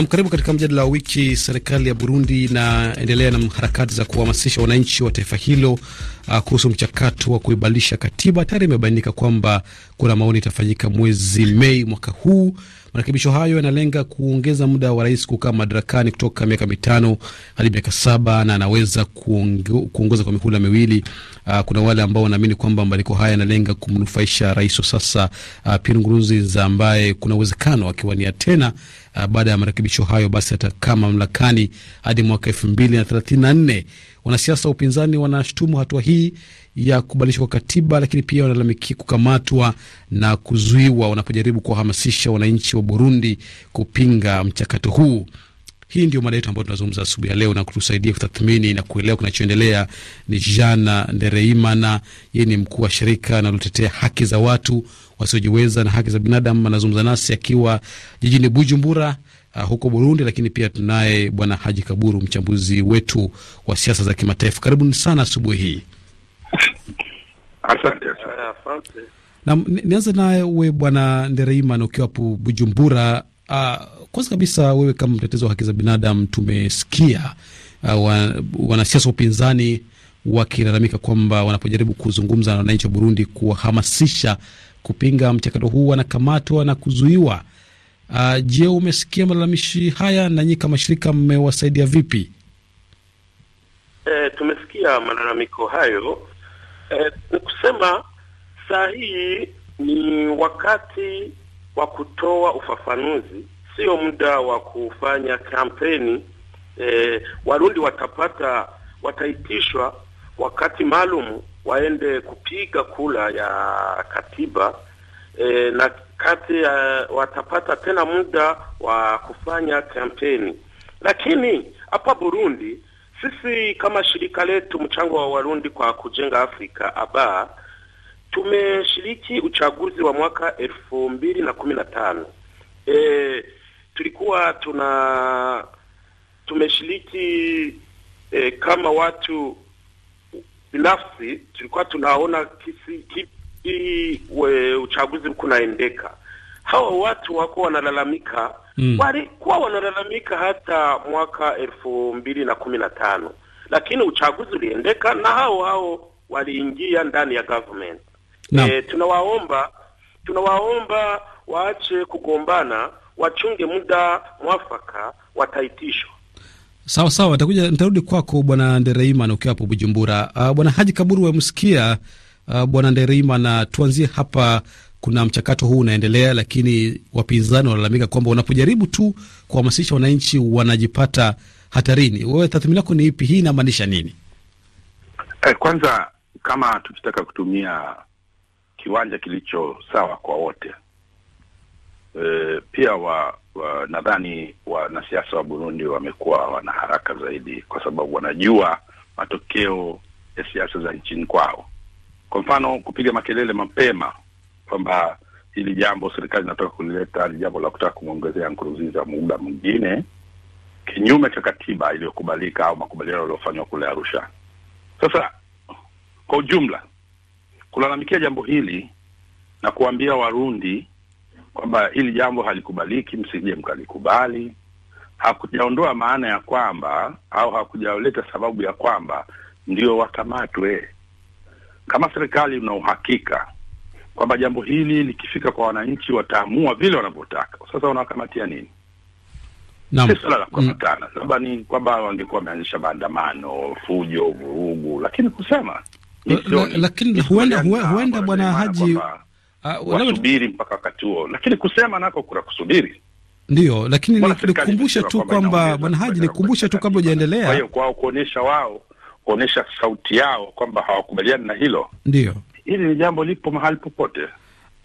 Nam, karibu katika mjadala wa wiki. Serikali ya Burundi inaendelea na harakati za kuhamasisha wananchi wa taifa hilo ah, kuhusu mchakato wa kuibadilisha katiba. Tayari imebainika kwamba kura maoni itafanyika mwezi Mei mwaka huu. Marekebisho hayo yanalenga kuongeza muda wa rais kukaa madarakani kutoka miaka mitano hadi miaka saba na anaweza kuongoza kwa mihula miwili. Uh, kuna wale ambao wanaamini kwamba mabadiliko haya yanalenga kumnufaisha rais wa sasa uh, Pierre Nkurunziza ambaye kuna uwezekano akiwania tena uh, baada ya marekebisho hayo basi atakaa mamlakani hadi mwaka elfu mbili na thelathini na nne. Wanasiasa wa upinzani wanashutumu hatua hii ya kubadilishwa kwa katiba, lakini pia wanalalamikia kukamatwa na kuzuiwa wanapojaribu kuwahamasisha wananchi wa Burundi kupinga mchakato huu. Hii ndio mada yetu ambayo tunazungumza asubuhi ya leo, na kutusaidia kutathmini na kuelewa kinachoendelea ni Jana Ndereimana. Yeye ni mkuu wa shirika analotetea haki za watu wasiojiweza na haki za binadamu, anazungumza nasi akiwa jijini Bujumbura Uh, huko Burundi, lakini pia tunaye bwana Haji Kaburu, mchambuzi wetu wa siasa za kimataifa. Karibuni sana asubuhi hii. Asante. Nianze naye uwe bwana Ndereimana, ukiwa hapo Bujumbura, Uh, kwanza kabisa wewe kama mtetezi wa haki za binadamu, tumesikia uh, wa, wanasiasa wa upinzani wakilalamika kwamba wanapojaribu kuzungumza na wananchi wa Burundi kuwahamasisha kupinga mchakato huu wanakamatwa na kuzuiwa. Uh, je, umesikia malalamishi haya na nyinyi kama shirika mmewasaidia vipi? E, tumesikia malalamiko hayo. E, ni kusema saa hii ni wakati wa kutoa ufafanuzi, sio muda wa kufanya kampeni. E, Warundi watapata wataitishwa wakati maalum waende kupiga kula ya katiba e, na kati ya watapata tena muda wa kufanya kampeni. Lakini hapa Burundi sisi kama shirika letu mchango wa Warundi kwa kujenga Afrika aba Tumeshiriki uchaguzi wa mwaka elfu mbili na kumi na tano. E, tulikuwa tuna tumeshiriki e, kama watu binafsi, tulikuwa tunaona kisi kipi uchaguzi kunaendeka. Hawa watu wako wanalalamika mm. walikuwa wanalalamika hata mwaka elfu mbili na kumi na tano, lakini uchaguzi uliendeka na hao hao waliingia ndani ya government no. E, eh, tunawaomba tunawaomba waache kugombana, wachunge muda mwafaka wataitishwa Sawa sawa, takuja nitarudi kwako Bwana Ndereiman ukiwa hapo Bujumbura. Uh, Bwana Haji Kaburu wamsikia uh, ah, Bwana Ndereiman, na tuanzie hapa. Kuna mchakato huu unaendelea, lakini wapinzani wanalalamika kwamba unapojaribu tu kuhamasisha wananchi wanajipata hatarini. Wewe tathmini yako ni ipi? Hii inamaanisha nini? Eh, kwanza kama tukitaka kutumia kiwanja kilicho sawa kwa wote. E, pia wa, wa nadhani wanasiasa wa Burundi wamekuwa wana haraka zaidi, kwa sababu wanajua matokeo ya siasa za nchini kwao. Kwa mfano kupiga makelele mapema kwamba hili jambo serikali inatoka kulileta ni jambo la kutaka kumwongezea nkuruziza muda mwingine kinyume cha katiba iliyokubalika au makubaliano yaliyofanywa kule Arusha. Sasa kwa ujumla kulalamikia jambo hili na kuambia Warundi kwamba hili jambo halikubaliki, msije mkalikubali, hakujaondoa maana ya kwamba au hakujaleta sababu ya kwamba ndio wakamatwe. Kama serikali una uhakika kwamba jambo hili likifika kwa wananchi wataamua vile wanavyotaka, sasa wanawakamatia nini? Si suala la mm. kukamatana, labda ni kwamba wangekuwa wameanzisha maandamano, fujo, vurugu, lakini kusema lakini huenda huenda bwana Haji ah, wasubiri mpaka wakati huo, lakini kusema nako kuna kusubiri ndio. Lakini nikukumbushe tu kwamba bwana Haji, nikukumbushe tu kabla hujaendelea, kwa hiyo kwao kuonyesha wao kuonyesha sauti yao kwamba hawakubaliani na hilo, ndio hili ni jambo lipo mahali popote.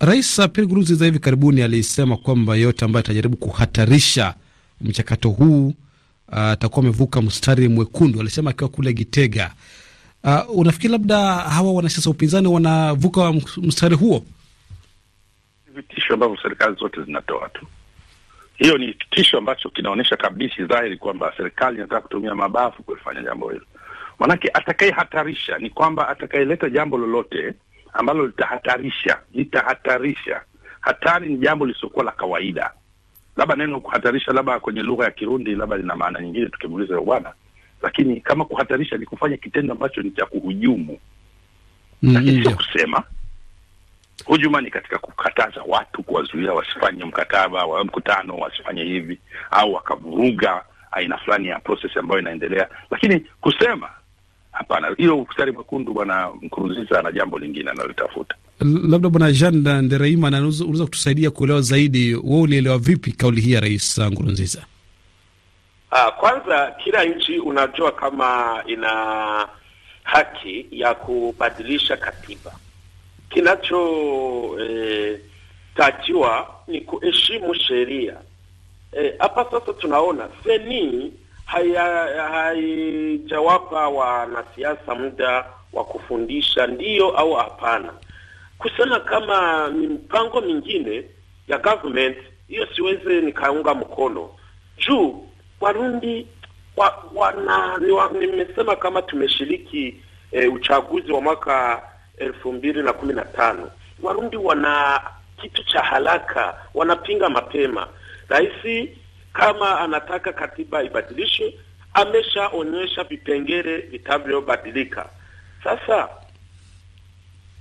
Rais Pierre Nkurunziza hivi karibuni alisema kwamba yeyote ambaye atajaribu kuhatarisha mchakato huu ah, atakuwa uh, amevuka mstari mwekundu, alisema akiwa kule Gitega. Uh, unafikiri labda hawa wanasiasa upinzani wanavuka mstari huo? Vitisho ambavyo serikali zote zinatoa tu, hiyo ni kitisho ambacho kinaonyesha kabisa dhahiri kwamba serikali inataka kutumia mabavu kulifanya jambo hilo. Manake atakayehatarisha ni kwamba atakayeleta jambo lolote ambalo litahatarisha, litahatarisha. Hatari ni jambo lisiokuwa la kawaida, labda neno kuhatarisha, labda kwenye lugha ya Kirundi labda lina maana nyingine, tukimuuliza bwana lakini kama kuhatarisha ni kufanya kitendo ambacho ni cha kuhujumu, mm, lakini sio kusema hujuma ni katika kukataza watu, kuwazuia wasifanye mkataba wa mkutano, wasifanye hivi au wakavuruga aina fulani ya process ambayo inaendelea, lakini kusema hapana. hiyo ustari mwekundu, Bwana mkurunziza ana jambo lingine analitafuta. Labda Bwana Jean Nderaima anaweza kutusaidia kuelewa zaidi, wewe ulielewa vipi kauli hii ya Rais Nkurunziza? Aa, ah, kwanza kila nchi unajua kama ina haki ya kubadilisha katiba. Kinachotakiwa eh, e, ni kuheshimu sheria eh, hapa e. Sasa tunaona seni haijawapa wanasiasa muda wa kufundisha ndio au hapana, kusema kama ni mpango mingine ya government hiyo, siweze nikaunga mkono juu Warundi wa, wana nimesema kama tumeshiriki e, uchaguzi wa mwaka elfu mbili na kumi na tano. Warundi wana kitu cha haraka, wanapinga mapema. Rais kama anataka katiba ibadilishwe, ameshaonyesha vipengele vitavyobadilika. Sasa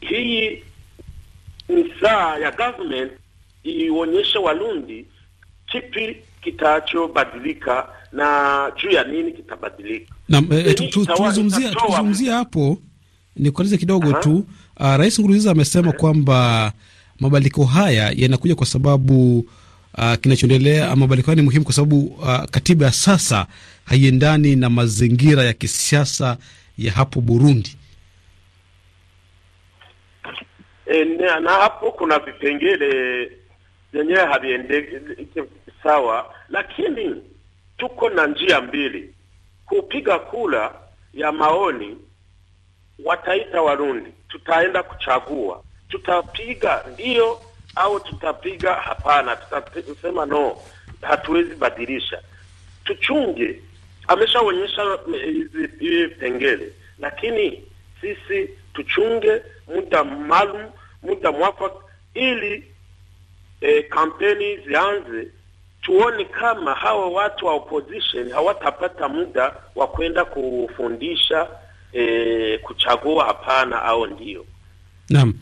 hii ni saa ya government ionyeshe Warundi kipi kitachobadilika na juu ya nini kitabadilika. Eh, eh, tu, yaani hapo ni kueleza kidogo Aha. tu uh, Rais Nguruziza amesema eh. kwamba mabadiliko haya yanakuja kwa sababu uh, kinachoendelea mabadiliko haya ni muhimu kwa sababu uh, katiba ya sasa haiendani na mazingira ya kisiasa ya hapo Burundi. E, na hapo kuna vipengele zenyewe haviendeki sawa, lakini tuko na njia mbili: kupiga kula ya maoni, wataita Warundi, tutaenda kuchagua, tutapiga ndio au tutapiga hapana, tutasema no, hatuwezi badilisha. Tuchunge, ameshaonyesha eh, hizi pengele, lakini sisi tuchunge muda maalum, muda mwafaka kampeni zianze, tuone kama hawa watu wa opposition hawatapata muda wa kwenda kufundisha e, kuchagua hapana au ndio. Naam.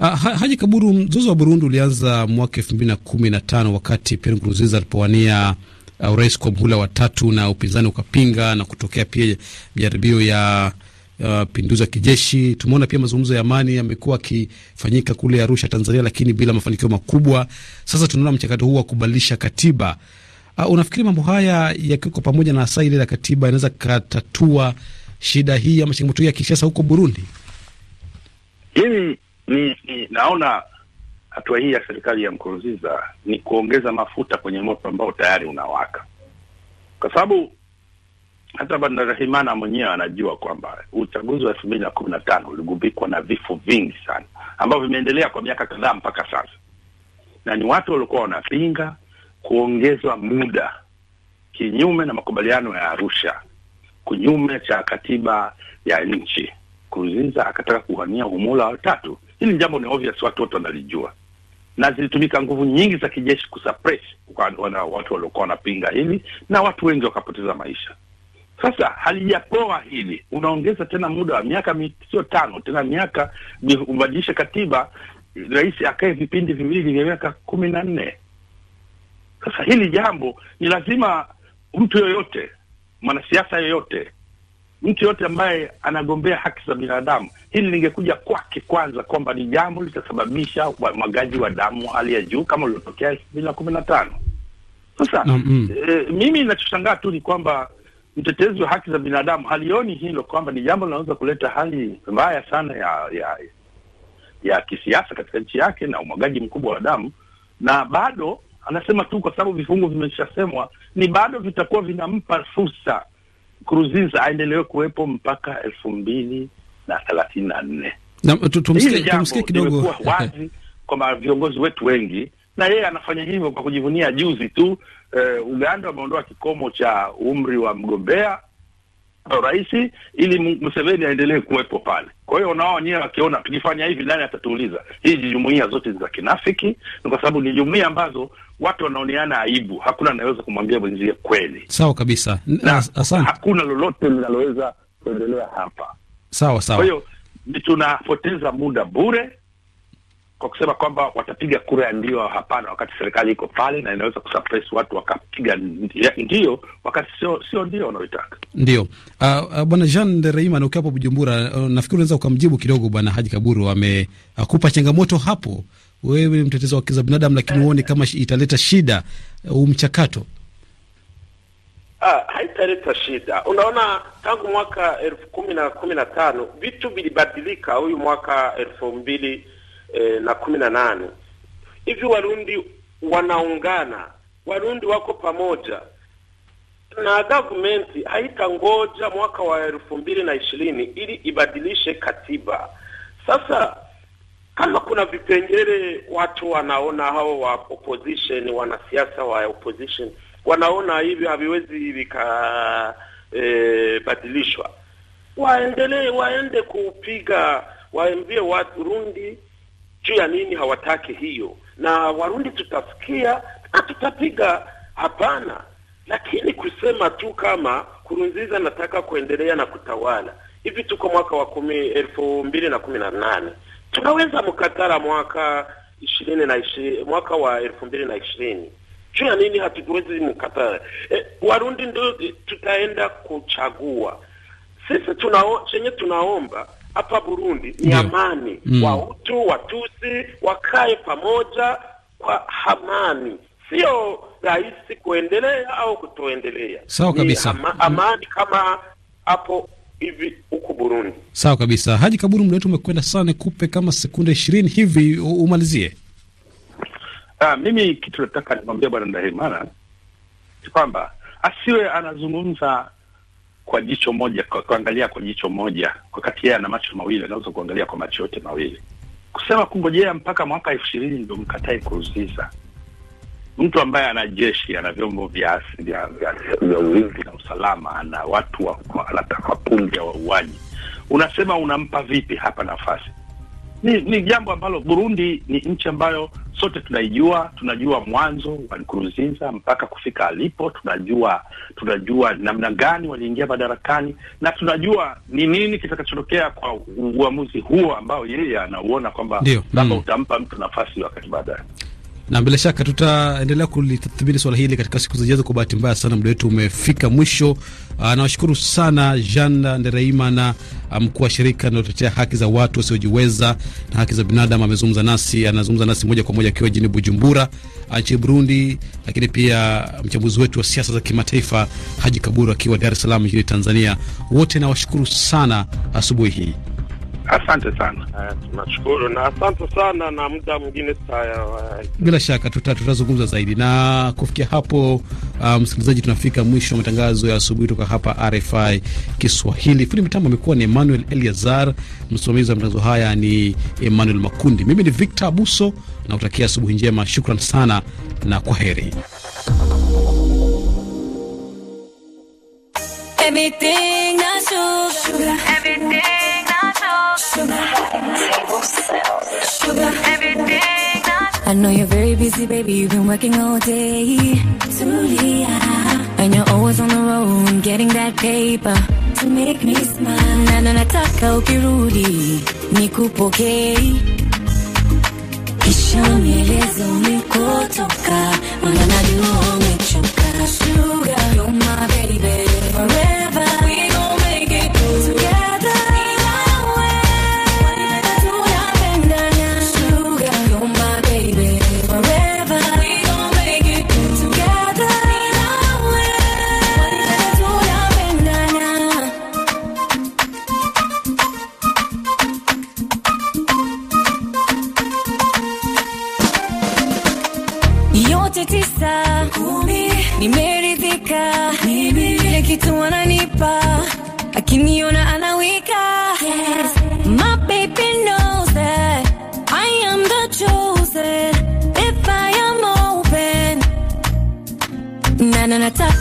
Ah, ha, Haji Kaburu, mzozo wa Burundi ulianza mwaka elfu mbili na kumi na tano wakati Pierre Nkurunziza alipowania uh, urais uh, kwa mhula wa tatu na upinzani ukapinga na kutokea pia jaribio ya uh, pinduzi ya kijeshi. Tumeona pia mazungumzo ya amani yamekuwa akifanyika kule Arusha, Tanzania, lakini bila mafanikio makubwa. Sasa tunaona mchakato huu wa kubadilisha katiba. Uh, unafikiri mambo haya yakiwekwa pamoja na hasa ile la katiba inaweza katatua shida hii ama changamoto hii ya kisiasa huko Burundi? Mimi ni, ni naona hatua hii ya serikali ya Nkurunziza ni kuongeza mafuta kwenye moto ambao tayari unawaka, kwa sababu hata Bandarahimana mwenyewe anajua kwamba uchaguzi wa elfu mbili na kumi na tano uligubikwa na vifo vingi sana ambavyo vimeendelea kwa miaka kadhaa mpaka sasa, na ni watu waliokuwa wanapinga kuongezwa muda kinyume na makubaliano ya Arusha, kinyume cha katiba ya nchi. Kuzinza akataka kuwania umula watatu Hili jambo ni obvious, watu wote wanalijua, na zilitumika nguvu nyingi za kijeshi kusuppress watu waliokuwa wanapinga hili, na watu wengi wakapoteza maisha. Sasa halijapoa hili, unaongeza tena muda wa miaka sio tano tena miaka, ubadilishe katiba, rais akae vipindi viwili vya miaka kumi na nne. Sasa hili jambo ni lazima mtu yoyote, mwanasiasa yoyote, mtu yoyote ambaye anagombea haki za binadamu, hili lingekuja kwake kwanza, kwamba ni jambo litasababisha mwagaji wa damu hali ya juu kama uliotokea elfu mbili na kumi na tano. Sasa mm -hmm. E, mimi inachoshangaa tu ni kwamba mtetezi wa haki za binadamu halioni hilo kwamba ni jambo linaweza kuleta hali mbaya sana ya ya, ya kisiasa katika nchi yake na umwagaji mkubwa wa damu, na bado anasema tu, kwa sababu vifungu vimeshasemwa, ni bado vitakuwa vinampa fursa Kuruziza aendelewe kuwepo mpaka elfu mbili na thelathini na nne. Tumsikie kidogo wazi kwa viongozi wetu wengi na yeye anafanya hivyo kwa kujivunia. Juzi tu eh, Uganda wameondoa kikomo cha umri wa mgombea rais ili Museveni aendelee kuwepo pale. Kwa hiyo nao wenyewe wakiona tukifanya hivi, nani atatuuliza? Hizi jumuia zote ni za kinafiki, ni kwa sababu ni jumuia ambazo watu wanaoneana aibu. Hakuna anaweza kumwambia mwenzie kweli. Sawa kabisa asante. Hakuna lolote linaloweza kuendelea hapa. Sawa sawa. Kwa hiyo tunapoteza muda bure kwa kusema kwamba watapiga kura ya ndio au hapana, wakati serikali iko pale na inaweza kusurprise watu wakapiga ndio wakati sio sio ndio wanaoitaka ndio. Uh, bwana Jean de Reima, na ukiwa hapo Bujumbura, uh, nafikiri unaweza ukamjibu kidogo bwana Haji Kaburu amekupa uh, changamoto hapo. Wewe ni mtetezi wa haki za binadamu, lakini eh. uone kama italeta shida uh, huu uh, mchakato? Ah, haitaleta shida. Unaona, tangu mwaka elfu kumi na kumi na tano vitu vilibadilika. Huyu mwaka elfu mbili Eh, na kumi na nane hivi Warundi wanaungana, Warundi wako pamoja na haita haitangoja mwaka wa elfu mbili na ishirini ili ibadilishe katiba. Sasa kama kuna vipengele watu wanaona hao wa opposition, wanasiasa wa opposition wanaona hivi haviwezi vikabadilishwa, eh, e, waendelee waende kupiga waambie watu Rundi juu ya nini hawataki hiyo? Na Warundi tutasikia na tutapiga hapana, lakini kusema tu kama Kurunziza nataka kuendelea na kutawala hivi, tuko mwaka wa kumi elfu mbili na kumi na nane tunaweza mkatara mwaka ishirini na ishirini, mwaka wa elfu mbili na ishirini juu ya nini hatuwezi mkatara? E, Warundi ndio tutaenda kuchagua sisi tunao, chenye tunaomba hapa Burundi ni amani mm. Wahutu, Watusi wakae pamoja kwa amani, sio rahisi kuendelea au kutoendelea. Sawa kabisa ama, amani mm. kama hapo hivi huko Burundi. Sawa kabisa. Haji Kaburu, muda wetu umekwenda sana, kupe kama sekunde ishirini hivi umalizie. Ah, mimi kitu nataka nimwambia bwana Ndahimana kwamba asiwe anazungumza kwa jicho moja, kwa kuangalia kwa jicho moja, wakati yeye ana macho mawili, anaweza kuangalia kwa macho yote mawili. Kusema kungojea mpaka mwaka elfu ishirini ndio mkatae kuuziza mtu ambaye ana jeshi ana vyombo vya ulinzi na usalama, ana watu, ana makundi ya wauaji, unasema unampa vipi hapa nafasi? ni, ni jambo ambalo Burundi ni nchi ambayo sote tunaijua. Tunajua mwanzo wa Nkurunziza mpaka kufika alipo, tunajua tunajua namna gani waliingia madarakani na tunajua ni nini kitakachotokea kwa uamuzi huo ambao yeye anauona kwamba labda mm. utampa mtu nafasi wakati baadaye na bila shaka tutaendelea kulitathmini swala hili katika siku zijazo. Kwa bahati mbaya sana muda wetu umefika mwisho. Ah, nawashukuru sana Jean ndereimana na ah, mkuu wa shirika linalotetea haki za watu wasiojiweza na haki za binadamu amezungumza nasi, anazungumza nasi moja kwa moja akiwa jini Bujumbura ah, nchini Burundi, lakini pia mchambuzi wetu wa siasa za kimataifa Haji Kaburu akiwa Dar es Salaam nchini Tanzania. Wote nawashukuru sana asubuhi hii. Asante sana. Eh, tunashukuru na asante sana, na muda mwingine eh. bila shaka tuta, tutazungumza zaidi. Na kufikia hapo, uh, msikilizaji, tunafika mwisho wa matangazo ya asubuhi kutoka hapa RFI Kiswahili. Fundi mitambo amekuwa ni Emmanuel Eliazar, msimamizi wa matangazo haya ni Emmanuel Makundi, mimi ni Victor Abuso na utakia asubuhi njema. Shukran sana na kwa heri. Everything Sugar, Sugar, I know you're very busy, baby. You've been working all day. Julia. And you're always on the road, getting that paper to make me smile. Na na nataka ukirudi nikupokee, kisha unieleze umekotoka, maana najua umechoka. Sugar, you're my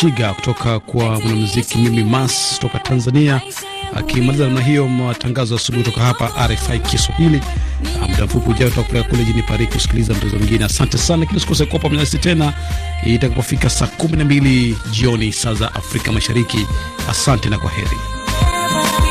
Shiga kutoka kwa mwanamuziki Mimi Mas kutoka Tanzania, akimaliza namna hiyo matangazo asubuhi kutoka hapa RFI Kiswahili. Muda mfupi ujao tutakupeleka kule jini Paris kusikiliza mtazo mwingine. Asante sana, lakini usikose kuwa pamoja nasi tena itakapofika saa 12 jioni saa za Afrika Mashariki. Asante na kwa heri.